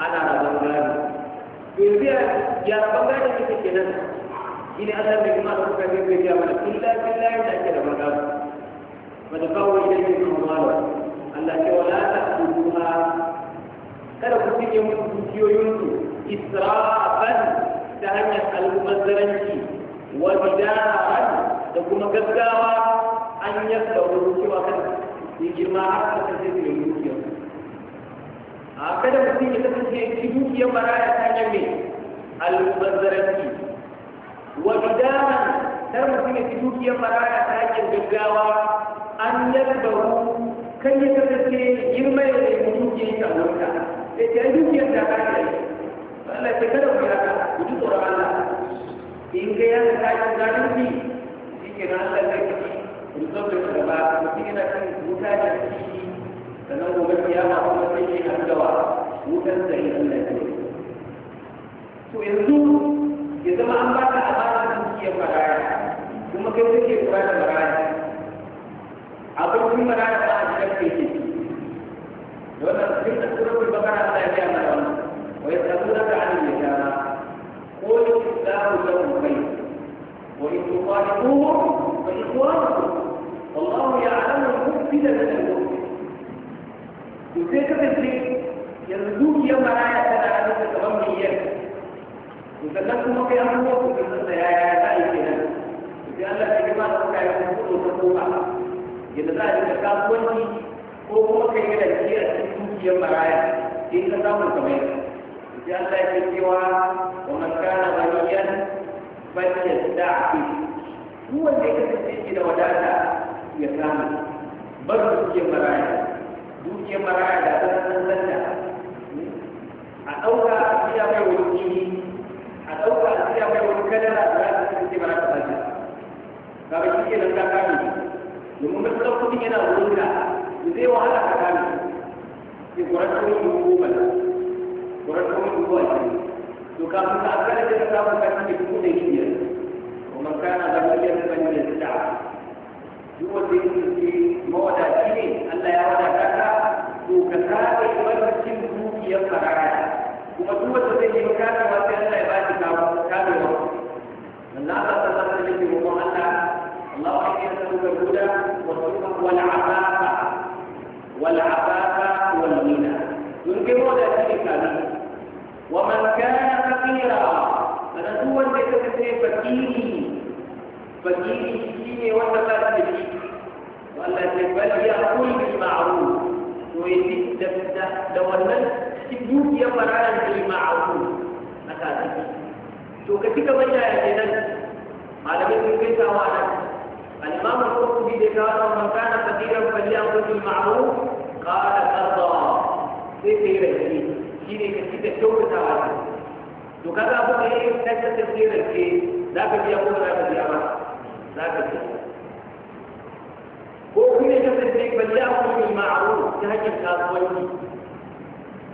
ana rabon gado bibiya ya rabon gado kike kenan shine Allah mai kuma da kuka bai bai mana illa billahi da ake rabon gado wanda kawo idan yake mamalo Allah ce wala ta'buduha kada ku tike musu dukiyoyinku israfan ta hanyar almubazzaranci wa bidaran da kuma gaggawa an yadda wani cewa kan yi girma har ka sai su a kada mutum ya kasance shi dukiyar maraya ta hanyar mai almubazzaranci wa idaman kar mutum ya ci dukiyar maraya ta hanyar gaggawa an yadbaru kan ya kasance girma ya nemi dukiyar ta wuta sai ta dukiyar ta kare Allah ya kada ku haka ku ji tsoron Allah in ga yana tashin zalunci shi ke nan Allah ya kasance ku zo da shugaba mutum yana kan wuta sannan gobe kiyama kuma sai shi na dawa wutar da yi Allah ya to yanzu ya zama an ba ka amana dukiyar maraya kuma kai kake kula da maraya abokin maraya ba a cikin kai ke wannan cikin asuratul bakara Allah ya gaya mana wannan wa yasalunaka 'anil yatama qul islamu lahum khayr wa in tuqatiluhum fa ikhwanukum والله يعلم المفسد من المفسد to sai kasance yanzu dukiyar maraya tana hannun da kamar miliyan to sannan kuma kai an kuma kuka sassa ya ya ta yi kenan to sai Allah ya gama da kuka yi kuma ta kofa yadda za a dinga kasuwanci ko kuma kai yana kiyar dukiyar maraya sai ka samu kamar yadda sai Allah ya cewa wa man kana ghaniyan falyasta'fi duk wanda ya kasance da wadata ya samu bar dukiyar maraya dukiyar maraya da zan zanda a ɗauka a siya mai wani kini a ɗauka a mai wani kadara da za ta kasance ba za ta zanda ga ba shi ke nan ka kame domin matsalar kuɗin yana wurin ka zai wahala ka kame sai kuran kawai dubu goma da kuran kawai dubu a jini to kafin ka akalla sai ka samu kashi dubu ɗari biyar ومن كان له يدا fakiri fakiri shi ne wanda ba da shi والتي بل يأكل بالمعروف ويزيد دفتا لو أنك تبوك يا فرعان بالمعروف أساسي تو كتك بجاء جنان على من كيف وانا الإمام القرطبي ذكر من كان فقيرا فليأكل بالمعروف قال ترضى sai ka yi rake shi ne ka ci da kyautatawa ne to kaga abu da ya yi kasance rake za ka biya ko za ka biya ba za ka biya ko kuma ya kasance balla ku bil ma'ruf ta hanyar kasuwanci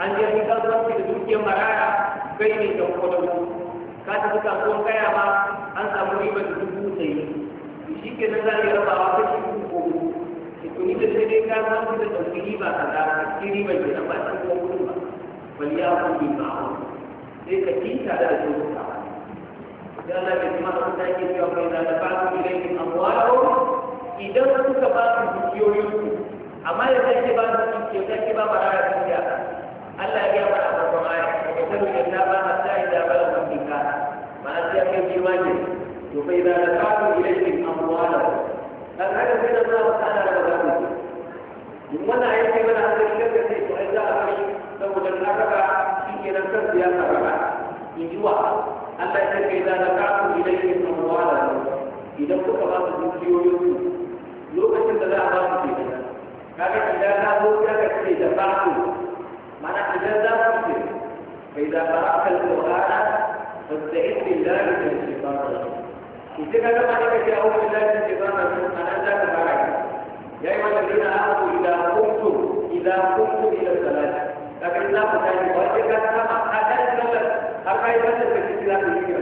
an je mun kasuwanci da dukiyar maraya kai ne da kwadawo ka tafi kasuwan kaya ba an samu riba da dubu ɗari shi ke nan za a yi rabawa kashi dubu ko tuni da sai dai kasuwanci da ɗauki riba ka da cikin riba ke nan ba cikin kwadawo ba balla ku bil ma'ruf sai ka tinta da zuciya لأن الإسلام أنت يجب أن إذا دفعتم إليهم أموالهم idan suka ba su dukiyoyin su amma da take ba su dukiyoyi take ba ba da dukiya Allah ya ba a farkon aya ya tabu da ta ba hatta idan ba da dukiya ma'ana sai kai imani to fa idan ka kawo ilayhi amwala dan haka sai da Allah ta'ala da ba su in wannan aiki mana hankali kanka sai to ai za a kai saboda na kaga shi kenan kan ya karaba in ji wa Allah ya kai da ka kawo ilayhi amwala idan kuka ba su dukiyoyin su lokacin da za a ba su ke gida kaga idan na zo ya ka ce da farko mana idan za su ce bai da faraka al-qur'ana fasta'id da min shaytan rajim idan ka gama da kake a'udhu billahi min shaytan rajim anan za ka fara ya yi wanda dina a'udhu idan kuntum idan kuntum ila salati kaga idan ku ta yi wanda ka kama a kan sallar har yi wanda ka ci za ku yi kira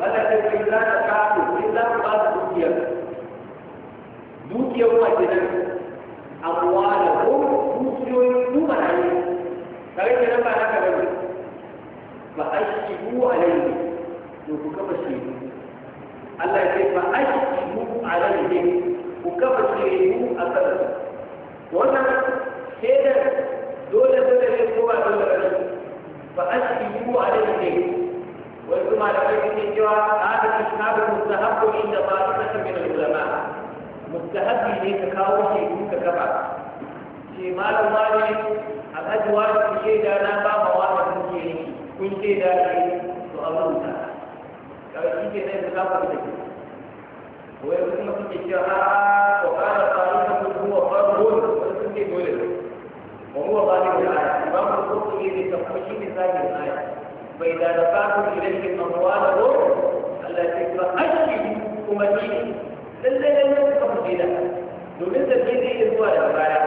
wanda ka yi za ka kafu idan ba su dukiya dukiyar wajenan abuwa da ko dukiyoyin su marayu tare da nan ba na gaba ne ba a shigo a laifi to ku kafa shaidu Allah ya ce ba a shigo a laifi ku kafa shaidu a kan wannan shaidar dole dole ne ko ba dole ba ba a shigo a laifi وثم على فكرة هذا الإسناد مستحب عند طائفة من العلماء mustahabi ne ka kawo shaidu ka gaba ce malam a alhaji wani ku shaida na ba ma wani ke yi kun shaida ne to an rubuta kawai shi ke nan da za da ke wai kuma suke cewa a ko kana faru da kun huwa faru wani suke dole wa huwa faru da aya ba mu ko ku ne da kuma shi ne zagin aya bai da da faru ilayhi amwalahum allati fa ashidu kuma ni lallai lallai suka fi shaida domin zargi zai iya zuwa daga baya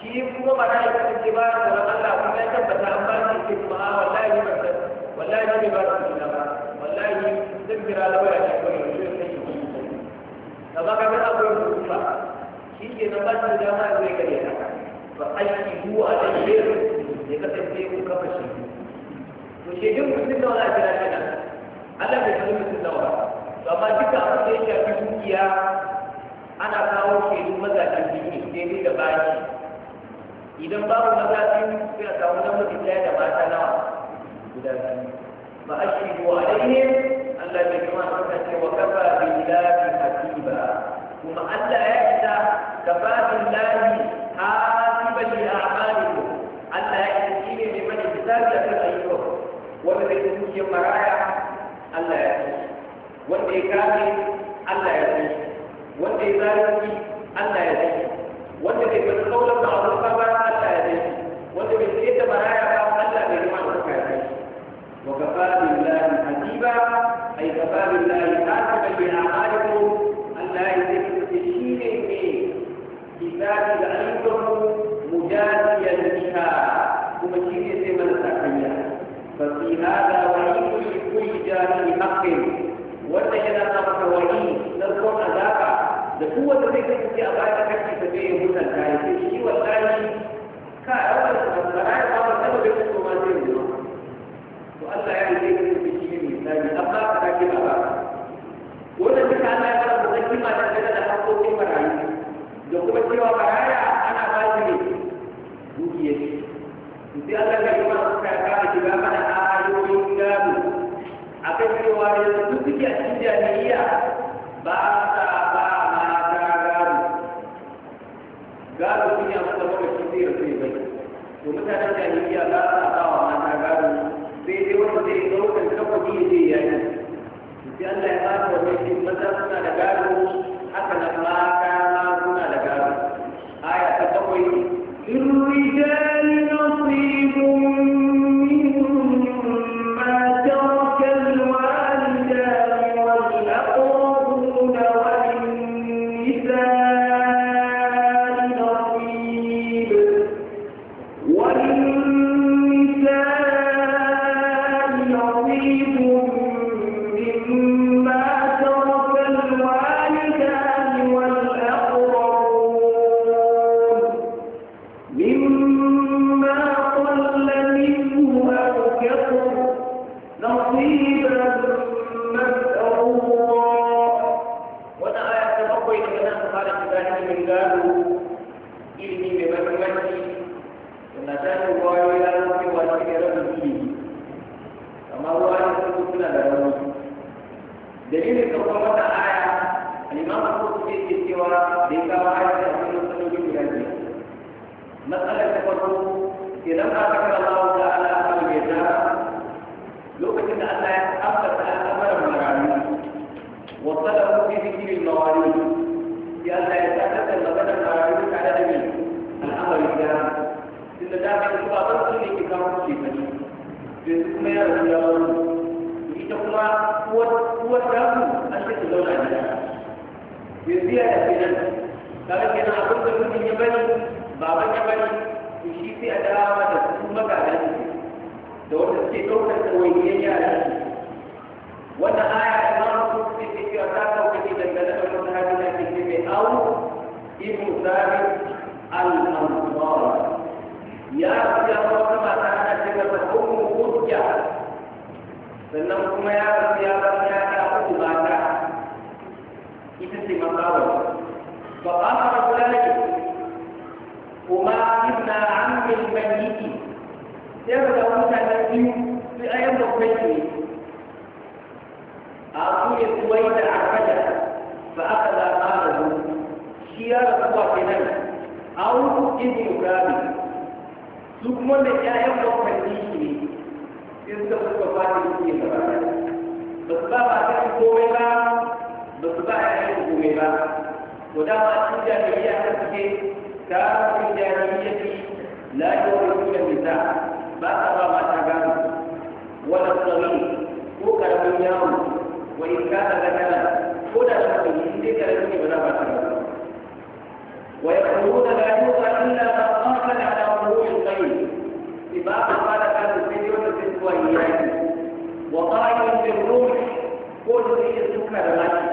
shi kuma ba na yi kasance ba da ran Allah kuma ya tabbata an ba shi ke kuma a ah, wallahi ba ta wallahi ne ba su da ba wallahi zan kira lawaya ne ko yanzu ya kai shi da ba ka ga akwai rubuta shi ke na ba shi dama zai kare ka ba aiki zuwa da yero ya kasance ku kafa shi to shedin mutum da wani a kira shi nan Allah bai kalli mutum da wani amma duka abin da ya shafi dukiya ana kawo shaidu mazajen biyu daidai da bashi idan babu mazajen sai a samu mutum ɗaya da mata nawa guda biyu ba a shi wa alaihim Allah bai kuma suka ce wa kafa billahi ba kuma Allah ya isa kafafin lahi wanda ya kare Allah ya sani wanda ya zalunci Allah ya sani wanda bai faɗi kaulan zai rasu ya bai to mutanen jahiliya za a sa wa mata gado sai dai wanda zai ɗaukar kafafi ya je yayi sai Allah ya ba da wani maza suna da gado haka nan ba مسألة تفرق إذا ما ذكر الله تعالى أمر الجزاء لوكتن أن أمر أمر المغاني وطلبوا في ذكر المواليد المواريث لأن يتحدث المبادئ المغاني على جميع الأمر الجزاء إن ذلك الإصابة كتاب كيفني بسم يا رسول الله تقرا هو هو الرب الشيء الدولة يزيد في نفسه لكن أقول لكم يا بني ba wata bane to shi sai a dama da su magadan da wanda suke ɗaukar ɗawainiyar a su wannan aya da ma ku ce ke cewa ta kauka ne dangane da wani hali ke ce mai au ibnu sabi al-ansar ya rabu ya wata mata ana ce ta ummu hujja sannan kuma ya rasu ya rabu ya ta uku mata ita ce matsawar ba ba ka rabu lalaki koma عَلِمْنَا عَنْ الْمَيِّتِ Yadda da wani sanarci su ayan babban ne, a kuma kuwa yi da arfada ba a kada ƙararru, shi ya da kuwa ke nan, a wuku ɗin yi su kuma da ƴaƴan babban ne shi ne, sai suka fuska fatin su ne gaba da. Ba su ba ba ta fi komai ba, ba su ba a yi komai ba, ko da ma a cikin jami'a ta وإن كان ذكرا هنا شخص ذكر الذي بنابا ويقولون لا يوصى إلا ما قاتل على وضوح الخير سباق قال كان الفيديو تسويات وطائر بالروح كل السكر ماشي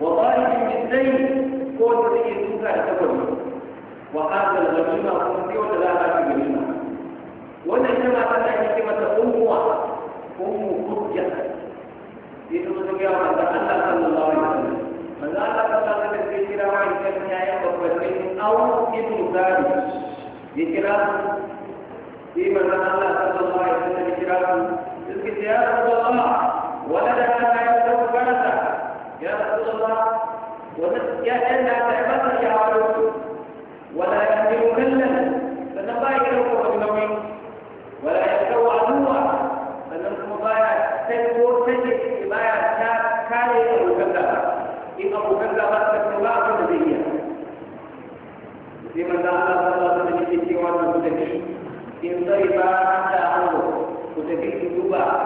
وطائر بالزيت كل السكر تكل وهذا الغنيمة والفيديو لا بأس بهما وإن كما ya kira su Allah sallallahu alaihi wasallam ya kira su suka ce ya Rasulullah ya tabu karata ya Rasulullah ya ɗan ta ba ba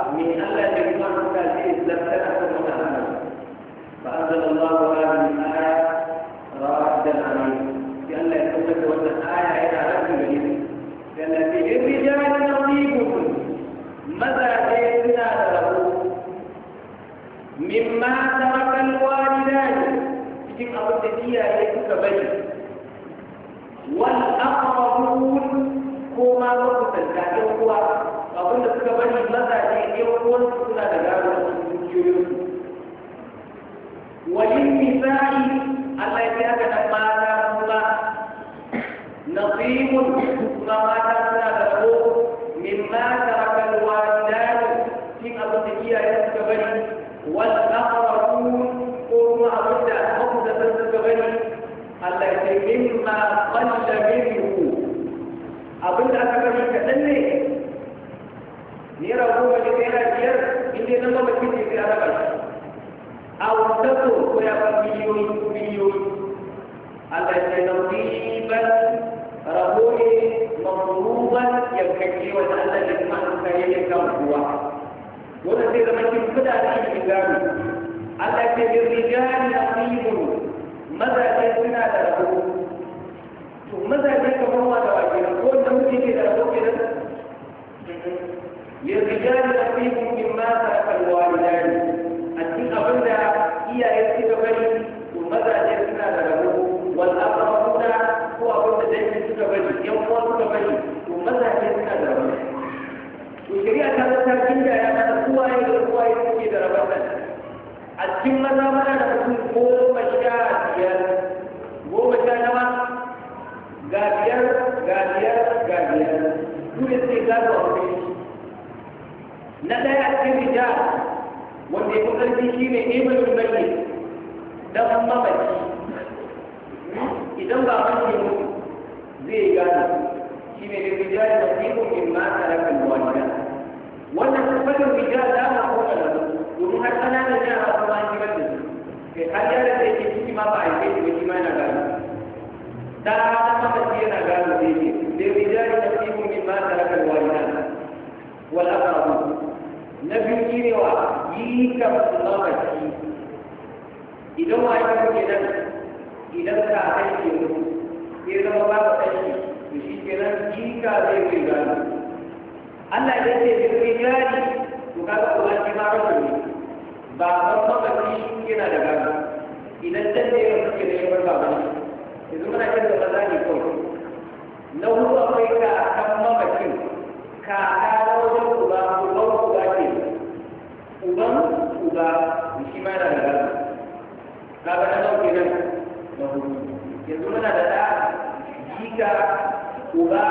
Allah ya kai zaune shi ba rabo ne mafuruban yankake wata Allah ya kuma an kai yake kan kuwa. Wanda zai zama cikin kuda da yake gano. Allah ya kai rigani na fiye mazaje suna da rabo. To mazaje kamar wata wakil ko da mutum ke da rabo ke da rabo. abu na biyu shi ne wa yi ka mamaci idan wani yi ke nan idan ka kai ke mutu ya zama ba ka kai to shi ke nan yi ka zai kai gani Allah ya ce zai kai gani to kaga kuma shi ke rabu ne ba ban mamaci yana da gani idan can ne ya fi ke da yawan ba ne yanzu muna kyan da maza ne kawai na hudu akwai ka kan mamacin kaka na wajen uba uban uba ke uban uba shi ma na da gaba na ga nan ke nan na hudu yanzu muna da ɗa jika uba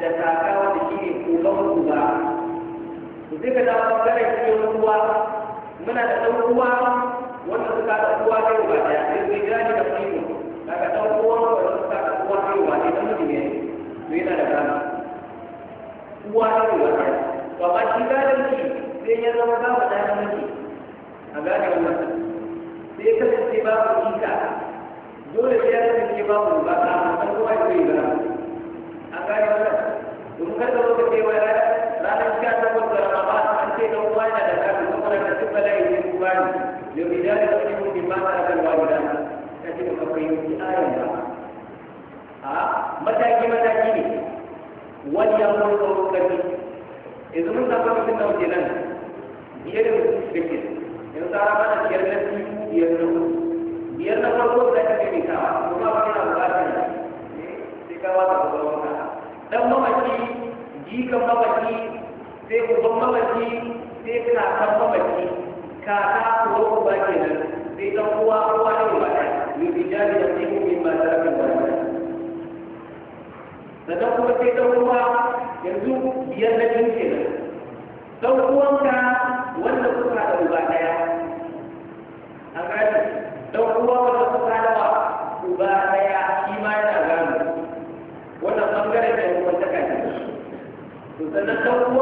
da kaka wanda shi ne uban uba zai ka zama ɓangaren cikin ruwa muna da ɗan ruwa wanda suka da ruwa ne uba ɗaya sai zai gane da fahimta daga ɗan ruwa wanda suka da ruwa ne uba ɗaya na mutum ne to yana da gaba uwa ta ne wata to amma shi gadon sai ya zama babu ɗa na miji a gadon wannan sai ya kasance babu ita dole sai ya kasance ke ba a san kowa ya yi ba a gadon wannan domin kada wata cewa ranar sha takwas da ramadan an ce don wani da kafin kuma da duk bala'i ne kuma ne ba idan mutum nawa kenan biyar da mutum biyar na biyu biyar na uku biyar na farko da ake kuma ba yana bukatar eh, sai ka wata kwakwalwar ka dan mamaki jikan mamaki sai uban mamaki sai kakan mamaki kaka ko uba kenan sai dan uwa uwa ne ba ɗaya yurijani da sai mu'min ma tarakin ba ko kuma sai dan yanzu sannan ta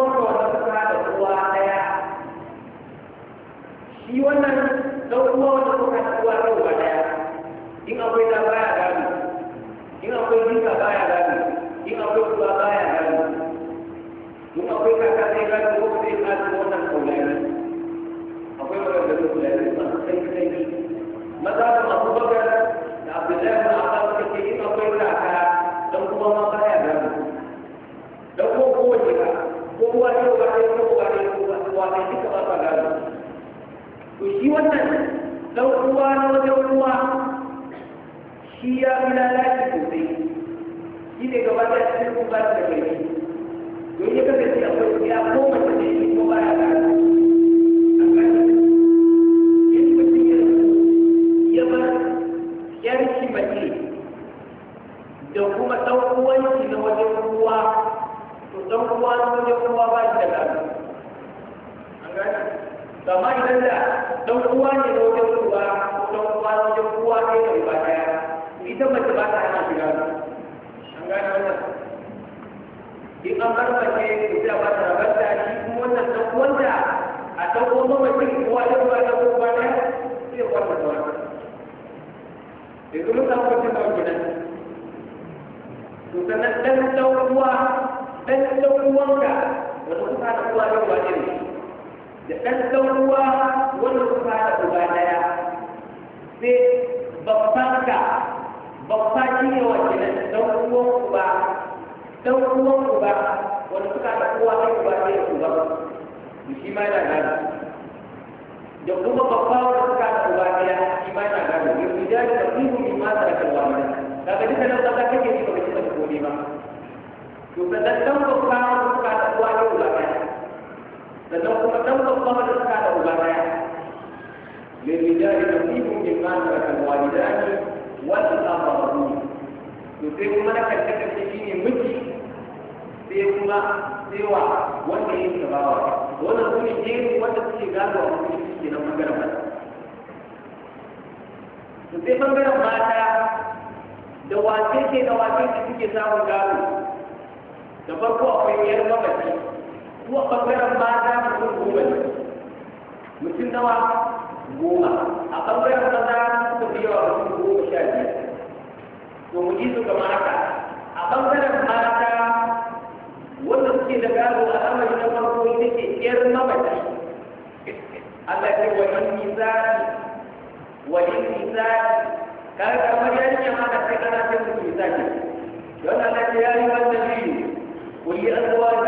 uwa da uwa ɗin da ɗan uba sai babbanka babba shi ne wace nan ɗan uba ɗan uba wanda suka haɗa uwa da uba uba shi ma yana da kuma babba wanda suka uba shi ma yana jari da ihu ne ma daga duka nan ba za ka ke ba ka ci ba to sannan ɗan babba suka uba sannan kuma dan da suka da uba daya للرجال نصيب مما ترك الوالدان والأقربون يصيب ملك الكتب شيء مجي sai kuma tsewa wanda ya yi gabawa wanda su ne wanda suke gado a mutum shi ke nan bangaren mata su sai bangaren mata da wace ce da wace ce suke samun gado da farko akwai yar mamaci kuma ɓangaren mata mutum goma ne mutum nawa goma a ɓangaren maza suka fi yawa mutum goma sha biyar to mu ji su kamar a ɓangaren mata wanda suke da gado a amari na farko ita ce ƴar mamaci Allah ce wa in misali wa in misali kare kamar yarinya ma da sai ana ce mutum misali don Allah ce ya yi wannan ku yi azwaji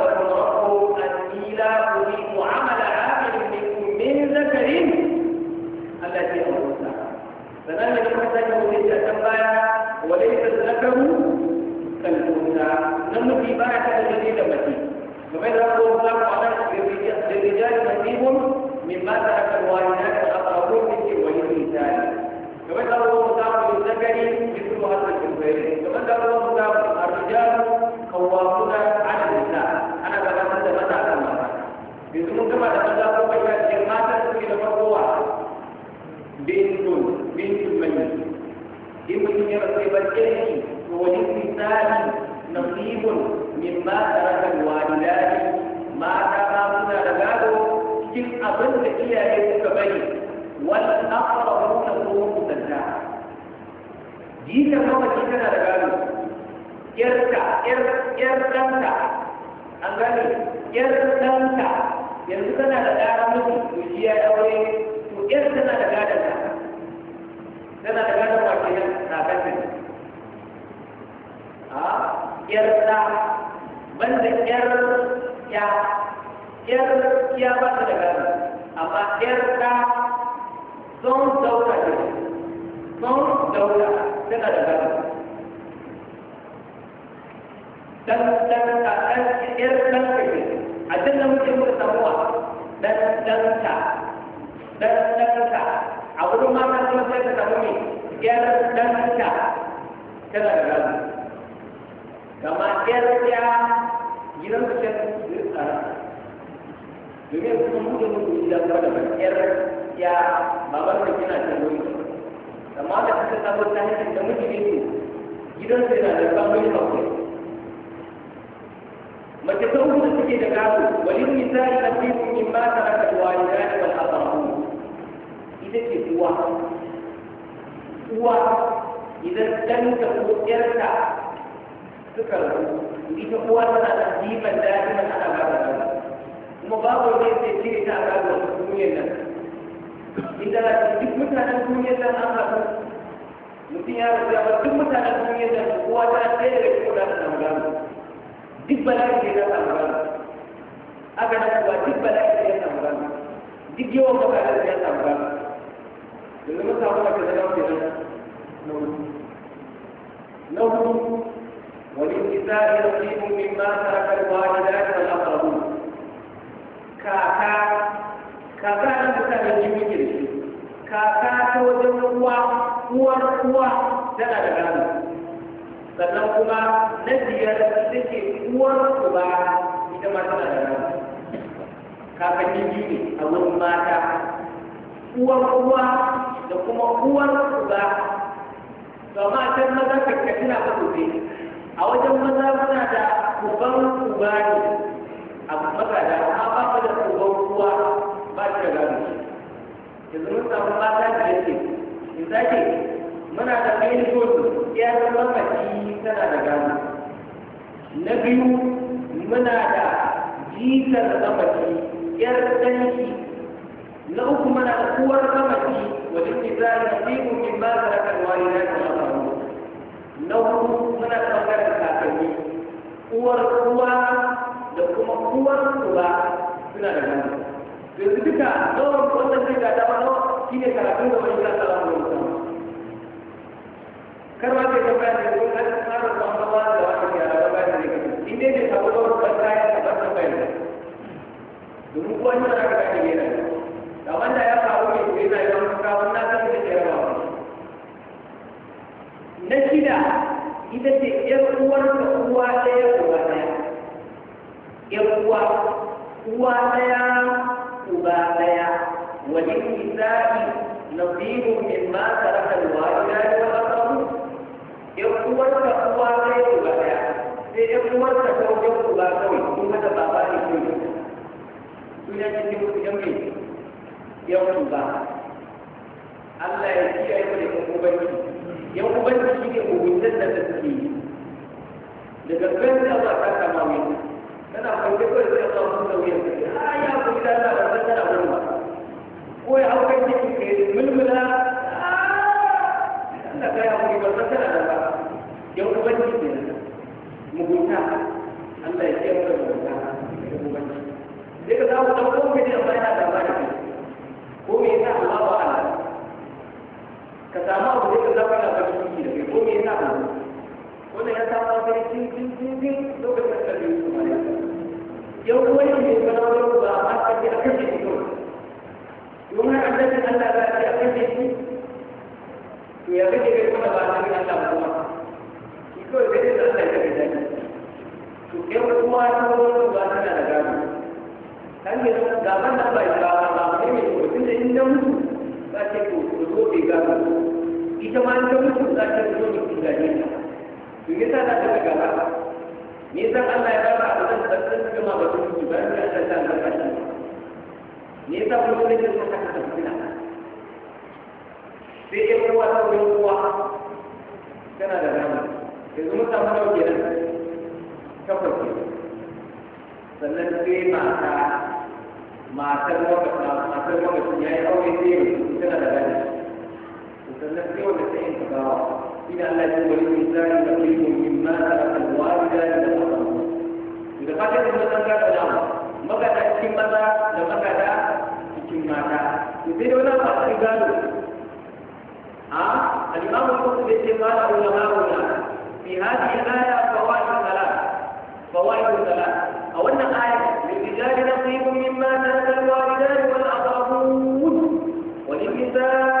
من ماذا wannan ɗan arawa ba wannan tsohon kusanta jika kuma ki tana da gano yarka yarkanta an gane yarkanta yanzu tana da ɗara miki to aure to yar tana da gadon ta tana da gadon ba kenan na kasin a yarka banda yar ya yar ya ba da gadon amma yarka son daula ne son daula tana da gaba dan dan ta dan ir dan kai a dan nan muke muka samu dan dan ta dan dan ta a wurin mata kuma sai ta samu ne ir dan ta tana da gaba kama ir ya gidan ka ce domin kuma mutum mutum da ban ir ya babar da kina da wuri amma da kuka sabo ta hanyar da miji ne gidan su yana da kamar kawai mace ta uku da suke da gado wani misali na fiye in ba ta raka da wani rani wal abahu ita ce uwa uwa idan ɗanta ko ƴarta suka rabu ita uwa tana da jiman dajiman ana ba da kuma babu ne sai cire ta a gado duniyar nan inda duk mutanen duniyar nan an haɗu mutum ya rasu ba duk mutanen duniyar nan kowa ta ɗaya daga cikin mutanen nan gano duk bala'i ne ta samu gano aka na kuwa duk bala'i ne ya samu gano duk yawan mutanen ya samu gano yanzu mun samu maka da lafiya nan na hudu na hudu wani nisa ya yi min ma ta karɓa gida da lafaru kaka kaka na mutane ji muke da shi kaka ta wajen uwa uwar uwa tana da gado sannan kuma na biyar da ce uwar uba ita ma tana da gado kakanni biyu ne a wurin mata uwar uwa da kuma uwar uba to amma can maza kakkaci na ba sosai a wajen maza suna da uban uba ne a maza da amma ba da uban uwa yanzu mun samu mata da yake misali muna da main goal ya zama mace tana da gano na biyu muna da jikar mamaci yar danki na uku muna da uwar mamaci wajen misali simu min ma zarakar wani na kama na hudu muna da ɓangaren kakanni uwar kuwa da kuma uwar kuwa suna da gano yanzu duka tsawon wannan zai gada ba shi ne karatun wani kasa ba mai kar ma zai tambaya da yanzu kan tsara samun ba da wani yara ba ba da zai in dai ne samu wani kasa ya taɓa tambaya da domin ko wani yana kada ne yana da ya faru ne sai yi ce ‘yan ‘yan baya wa lisa'i nasibu min ma taraka alwalidani wal aqrabu yau kuma ta kuwa sai ku ga daya sai yau kuma ta kauje ku ga kai kun mata baba ne cikin ku yau ku ba Allah ya ci ayyuka da kuma ubanci yau ubanci shi ne mu wutar da take daga kan da ba ta kama wani tana kwanke kawai sai ka kawo da ka a ya ku da Allah ba ta da wurin ba ko ya hauka ciki ka mulmula Allah ka ya ku ba ta da ba ya ku ban ciki mugunta Allah ya kiyaye da mugunta da ka samu dan ko ne amma yana da bani ko me yasa Allah ba Allah ka samu abu da ka zaba da ba ciki da ko me yasa Allah wannan ya samu sai cin cin cin lokacin da ka yi su yau kuma yin da kana ba a ma a kashe shi kawai domin an dace Allah za a ce a to ya kai kuma ba a ce Allah ba kuma shi kawai kai da Allah ya kashe shi to yau kuma ta wani ba ta da gano kan yi ga ban da ba ba ba ba ne ko tun da inda mutu za ce ko ko bai ita ma in mutu za zo ta yasa za ta ga ni san Allah ya raba a wajen tsarkar su gama ba su yi ba su ya san san zarka shi san kuma ne sun saka ta fitina sai ya kowa ta wani kowa tana da rama yanzu mun samu nau kenan takwas ke sannan sai mata matar wakafin ya yi aure sai ya mutu tana da rama مثلث ومثلين تكرار إلى أن لا يكون للإنسان نصيب مما خلق الوالدان والأبوان إذا قتل المثل كان الأمر متى تأتي متى لمتى تأتي متى يصير هنا قتل ها الإمام القرطبي قال علماؤنا في هذه الآية فوائد ثلاث فوائد ثلاث أولا آية للرجال نصيب مما ترك الوالدان والأقربون وللنساء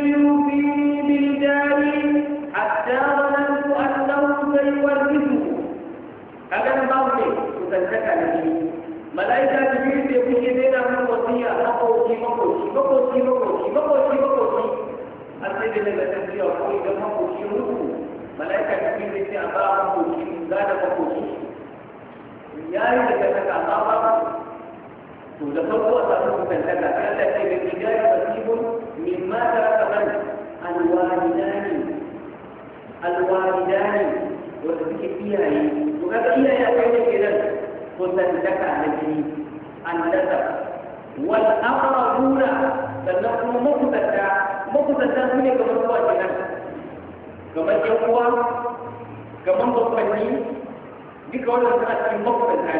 dangantaka da shi mala'ika ta biyu da kuke daina mun wasiya makoci makoci makoci makoci makoci makoci har sai da daga ko idan makoci mutu mala'ika ta biyu zai ce a ba makoci za da makoci ya yi dangantaka amma ba to da farko a samu dangantaka sai Allah ce da kidaya nasibun mimma taraka man alwalidani alwalidani wanda suke iyaye to kaga iyaye akwai ne kenan وستتكأ للجنين النسب والأقربون فالنقل مقتدى مقتدى من كمان هو جنان كمان يقوى كمان تطمني بكل أسرات مقتدى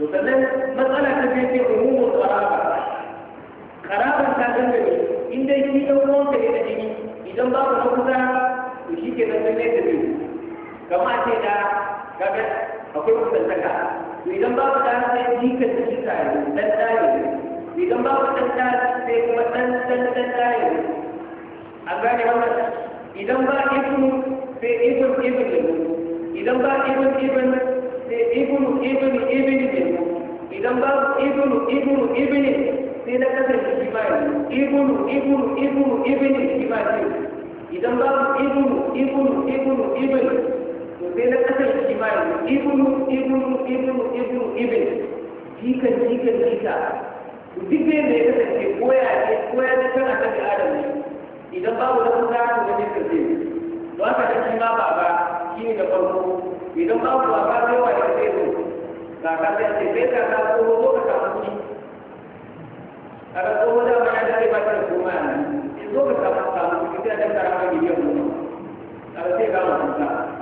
وتلاقي مسألة كبيرة في عموم القرابة قرابة كاتن بيه إن ده يجي يوم ما تيجي تيجي إذا ما بتوصل وشيء كده تلاقي تبيه كمان تيجي كمان akwai kusantaka to idan babu ɗa sai jikan da shi idan babu ɗan sai kuma ɗan ɗan ɗan ɗa a gane wannan idan ba ibnu sai ibn ibn ne idan ba ibn ibn sai ibn ibn ibn ne idan ba ibn ibn ibn sai na kasance shi ma ne ibn ibn ibn ibn shi idan ba ibn ibn ibn to sai na kasance bayan ibnu ibnu ibnu ibnu ibn jikan jikan jika duk ne ya kasance koya ne koya ne kana kan adam idan babu da kuma za ka ga jikan zai don haka da baba shi da farko idan babu baba sai wa ya zai zo kaka sai ce sai kaka ko zo ka samu shi a ga ko da ma ya ba ta koma ne in zo ka ka samu ki ka ta fara ka goma a ka ga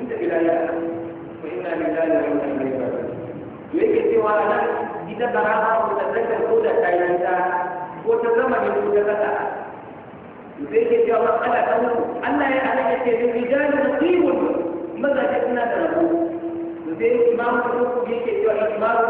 inda ilaya ko inna lillahi wa inna ilaihi raji'un yake cewa nan ita ko ta zakar ko da kayanta ko ta zamani ko ta kasa zai ke cewa matsala ta mutu Allah ya halaka ce da rijalu nasibun ta suna da rabo zai imamu ko yake cewa imamu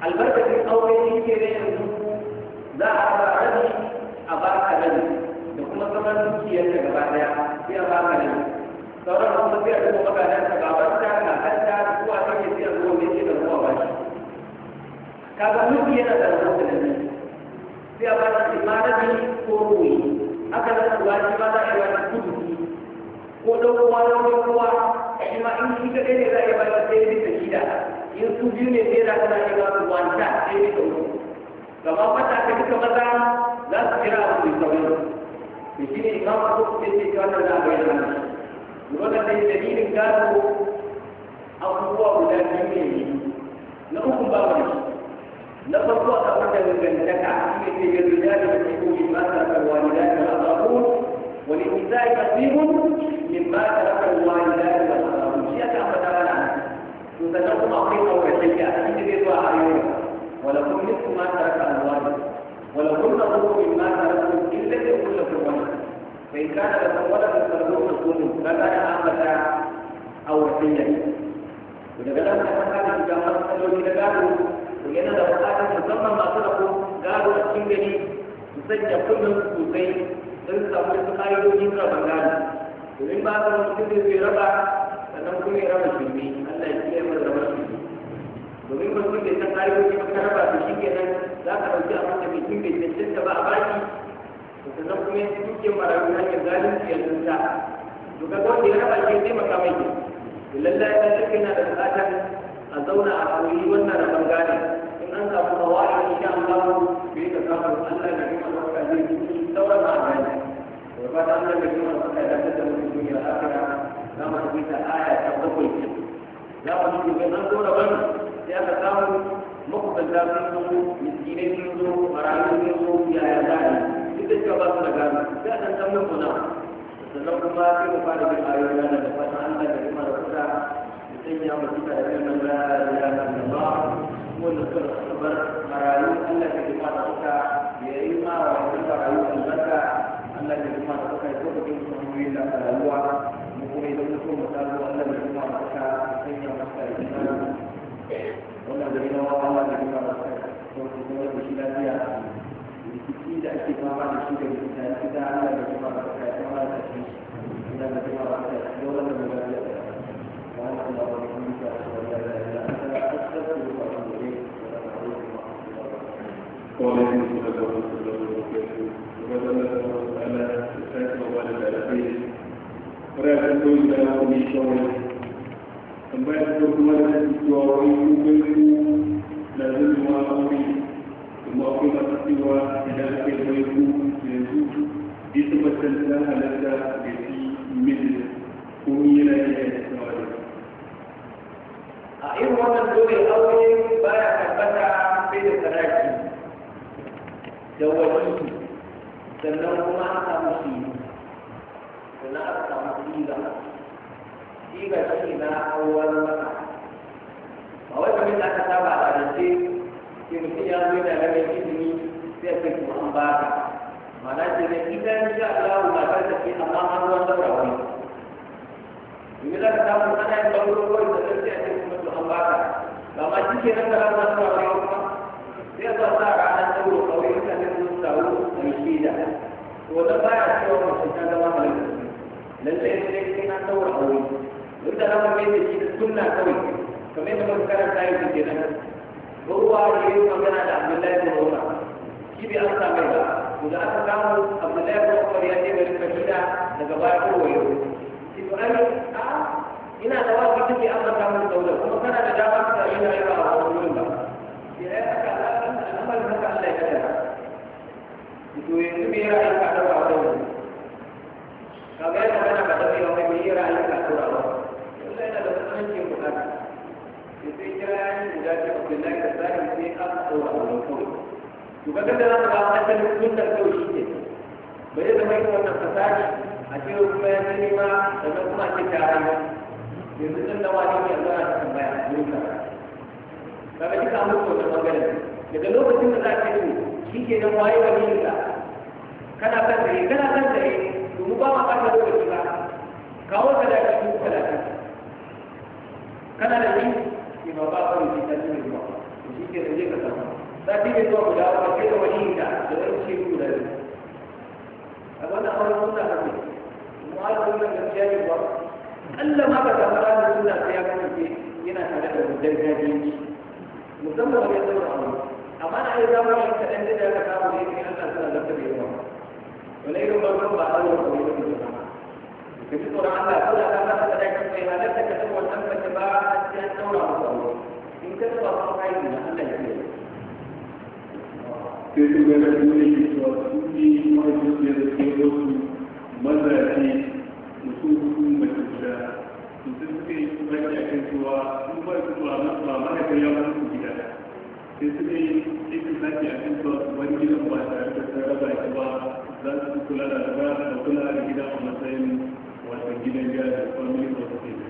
albarkacin aure shi ke da yanzu za a ba rabi a ba ka rabi da kuma sauran dukiyar da gaba daya sai a ba ka rabi sauran kuma sai a duba maka ta babar ta na hanta zuwa take sai a zuwa mai da zuwa ba shi kaga miki yana da rabu da nan sai a ba ta imanabi ko ruwi aka nan shi ma za a yi wani kudu ko ɗauko kowa shi ma in shi kaɗai ne za a yi wani da shida in su biyu ne sai da kana iya gasu sai ne ka uku gaba mata ka duka maza za su kira abu mai sauri to shi ne imam abu ku sai ce wannan za a bayyana shi wannan dai dalilin gado abubuwa guda biyu ne na uku ba wani na farko a kamar da dangantaka shi ne ke gaza da wani ko min ma ta karwa ni da ta rabu wani kisa ya tsibu min ma ta karwa ni da ta rabu shi aka ambata mana وتنقم أخيك وكتلك أخيك بيضوى عليهم ولكم نصف ما ترك عن أموالهم ولكم نصف مما تركوا إلا يقول لكم ولد فإن كان لكم ولد تكون الظلم فكان أمة أو وصية ولكن أنا أتكلم في جامعة السلوك إذا قالوا وينا لو قالوا تسمى ما صدقوا قالوا أتكلم sanya kullum sosai don samu wasu ƙa'idojin raba gani domin ba su mutum da zai raba sannan kuma ya raba domin ba su ke san ayoyi ba kuma raba su shi kenan za ka ɗauki abin da mutum bai ba a baki sannan kuma yanzu dukiyar marayu hanyar su yanzu ta to ga wanda ya raba shi taimaka mai ne lallai ya san yana da bukatar a zauna a koyi wannan ban gane in an samu mawari in sha Allah bai ka samu Allah na kuma ɗauka zai yi sauran ma a gane ba ta Allah bai kuma ɗauka ya zata mutum duniya a kira za mu tafi ta aya ta bakwai za mu tafi ga nan ko sai aka samu makusanta sun zo miskinai sun zo marayu sun zo yaya za a yi duk da cewa ba su da gano sai a ɗan ɗan kuna sannan kuma sai mu fara bin ayoyi na da fatan Allah da kuma da kusa da sanya mu cika da kan nan da ya kan ba kuma da suka bar marayu Allah da kuma da kusa ya yi ma wa wannan marayu albarka Allah da kuma da kusa ya kuma da kuma da rayuwa mu kuma idan mutum mu samu Allah da kuma da kusa da gina wa Allah da gina wa sai to kuma da shi lafiya rikici da ake fama da shi da mutane da Allah da gina wa sai kuma da shi da da gina wa sai dole da gina wa sai wa Allah wa bihamdika wa la ilaha illa anta astaghfiruka wa atubu ilayk وعليكم السلام ورحمة الله وبركاته. وبدأ الله سبحانه وتعالى بالخير وبعد العافية. ولكن كل ما هو tambayar da kuma da ake cewa wani kuka su na zuwa wani kuma akwai masu cewa idan ake wani ku yanzu ita macen ta halatta da shi mijin ko yana yin cewa da a irin wannan dole aure baya tabbata sai da saraki da wani sannan kuma a samu shi sannan a samu shi da shi ga sani na awwal masa a wai kamar da aka saba a rance ke mutum ya zo yana ganin izini sai a kuma an ba ka mana ce ne idan ya Allah ba ka tafi amma an ruwan da wani in za ka samu ana yin bangaro kawai da sai sai a ce kuma to an ba ka ba ma shi ke nan da ran nan ba kuma sai a sa ranar sauro kawai ka ne sun sauro a yi shida to da baya cewa mutum ta zama halittar lallai sai sai an sauro a wuri duk da nan mai da shi da sunna kawai kamar da muka karanta yau kenan ruwa da yayi magana da Abdullahi bin Umar shi bai an samu ba da aka samu Abdullahi bin Umar ya ce garin Madina daga baya ko wayo shi to ai a ina da wasu kike an ba samu daula kuma kana da dama ka yi rayuwa a wannan wurin ba ya yi haka al'amarin haka Allah ya kada to yanzu me ya ra'ayi ka da ba daula kaga yana kana ba da yawa mai ra'ayi ka da ba sai kira yayin guda ta a wani kawai da kawai shi ne ba zai zama yin wannan fasari a cikin kuma ya sani ma sannan kuma ce ta hanyar yanzu sun zama ne mai zuwa da tambaya a wurin kaza kaga duka an mutu wannan bangaren daga lokacin da za ka yi shi ke nan waye wani ka kana kan tsaye kana kan tsaye domin ba ma ɓata lokaci ba kawo sadaki dubu talatin kana da shi فيما باطن في تنوير المرأة وشيك رجيك تمام لكن الوقت لا أفكر ولينا لأن شيء يقول لي أبدا أخرجنا حبيب المعارض من الشيء الوقت ألا ما بتعملان لسنة سياقنا في هنا حدث الدرجاتي مصدر من يدور أمر أما أنا إذا ما شفت أن إذا كتابه لي في أن أسأل لك بالوقت ولكن برضو بعد الوقت ولينا بتدور على كل هذا فقد يكون في هذا تكتب والأمر تباع الدولة jarraba ba aiki na Allah ya yi sai su ga da ke cewa su ne mahaifiyar da ke wasu mazaje mutum hukun mace guda mutum suka yi su baki a kan cewa su ba su ba ba mahaifiyar ya mutu gida sai suka yi ke sake a kan cewa su wani gidan ba tare da sarrafa shi ba za su kula da za kula da gida a matsayin wasan gidan gida da family hospital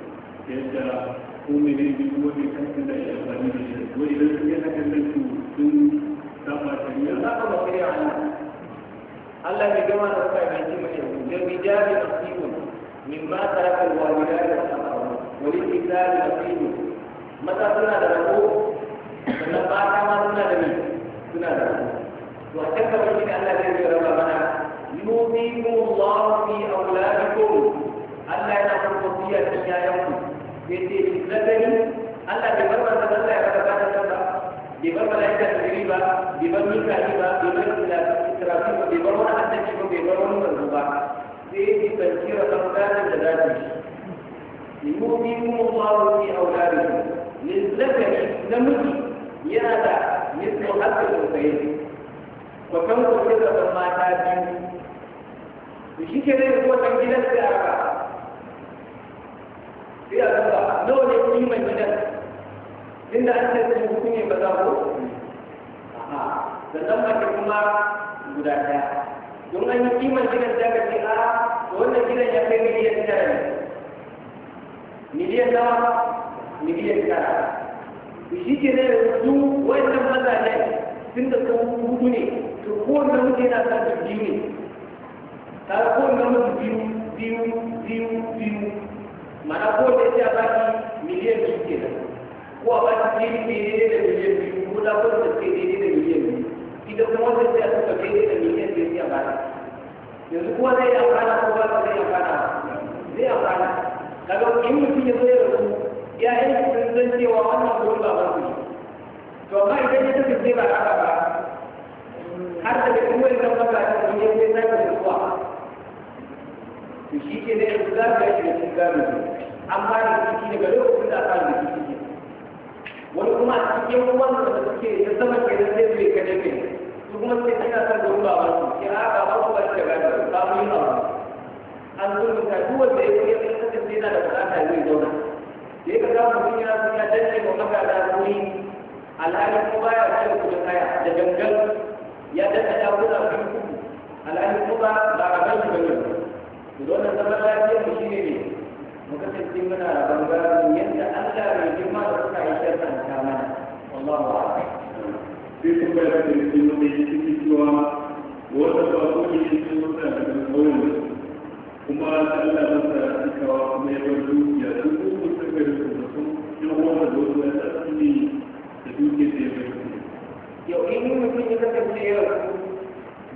yadda ومن يجب وفي كثير الشيطان وإذا لم يتكلموا ثم تقوى سريعا لا تقوى سريعا الله بجمع نفسه بيتم للرجال نصيب مما ترك الوالدان والأقربون وللرجال نصيب متى سنة له sannan mata ma suna da ni suna da ku to a kan kamar shi Allah zai yi raba يتي نزلي الله بمرة الله يبقى الله بمر ملائكة تجريبا بمر ميكائيبا بمر إسرافيل بمر ولا حتى يكون بمر ولا مرزوبا سيدي تذكير رمضان لذاته يؤمنكم الله في أولادكم للذكر نمشي ينادى مثل حق الأنثيين وكم تفرقة ما تاتي وشي كده هو تنجيل السيارة biya zaba nawa ne kuɗi mai gidan inda an ce zai kuɗi ne ba za ku da zama ke kuma guda ɗaya don an yi kiman gidan da ka ce a wannan gidan ya kai miliyan tara ne miliyan nawa miliyan tara shi ke ne su wannan mazajen tun da kan hudu ne to kowanne mutum yana son su biyu ne ta kowanne mutum biyu biyu biyu biyu mana ko da ya ba ki miliyan biyu kenan ko a ba ki daidai da miliyan biyu ko da ko idan kuma wanda ya suka daidai da miliyan biyu a ba yanzu kuma zai amfana ko ba zai amfana zai amfana kaga in mutum ya zo ya rasu ya yi sun san cewa wannan gudu ba ba su to amma ne ya tafi zai ba haka ba har da kuma idan ba ka da miliyan zai zai zuwa to shi ke ne ya zuga an ba da ciki daga lokacin da aka yi ciki wani kuma a cikin wannan da suke ta sama ke da sai bai kaje ne su kuma sai ina son da ruwa ba su ke a ba ku ba da gaba ba mu yi aure an zo ta duk da ya yi ya kasance yana da bukata zai zauna da ya ga mutum yana son ya danne wa maka da ruwi alhali ko baya da kudin kaya da gangan ya danna ya kuɗa kuɗi alhali ko ba ba a ban shi ba ne. Zuwa na zaman lafiyar mu shi ne ne mu kasance muna bangaren yadda Allah mai girma da suka yi shirin ta mana wallahu a'lam sai kun bayar da cikin mai cikin cewa wata ba ko ne cikin wata da kauyen da kuma Allah ya sa cikawa kuma ya bar dukiya duk kuma ta gari da su yan wanda da wasu ya tsaki da dukiya da ya bar yau in mutum ya kasance yau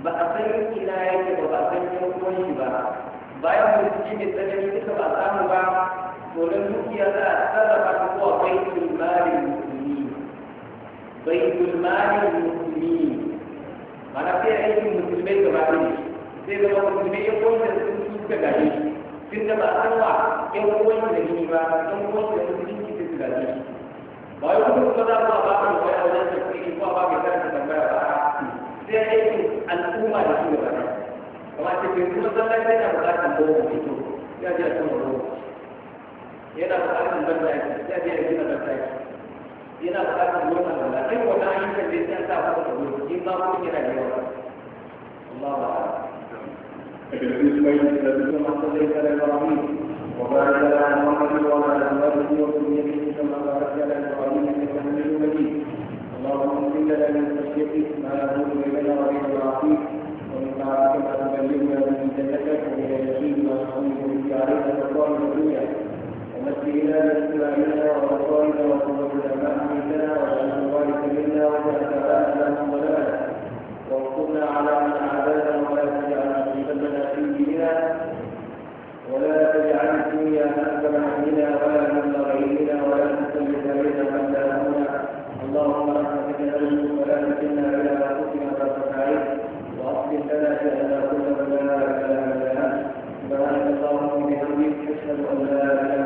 ba a san ina yake ba ba a san yan uwan shi ba bayan mutum ne tsanani duka ba samu ba to don dukiya za a sarrafa ta zuwa baitul malin musulmi baitul malin musulmi mana sai aikin musulmai gaba da ne sai zama musulmai ya kowanda sun suka gaje tun da ba san wa yan kowanda da ni ba yan kowanda da musulunci da su gaje kuma kuma za ku ba ka da wani wajen tafiye ba ka karanta tambaya ba sai aikin al'umma da su gaba da wata ke kuma sallar da yana bukatar goma fito ya je a kuma yana bukatar ya a gina banda yana bukatar goma banda kai wata an yi ya sa kuma goma in ba kuma yana da yawa Allah ba وبارك على محمد وطاعتك تبلغنا من جنتك الى يقين وحمد عليك تقوام الدنيا ومسكنا باسماعيلنا وابصارنا وقوتنا ما حميتنا واجعل وارث منا واجعل ثباتنا من ضلالنا وانصرنا على من عادانا ولا تجعل مصيبتنا في ديننا ولا تجعل الدنيا اكبر همنا ولا مبلغ علمنا ولا تسلط علينا من لا اللهم رحمتك نرجو الى انفسنا طرفه عين لا اله الا انت لا اله الا انت سبحانك اللهم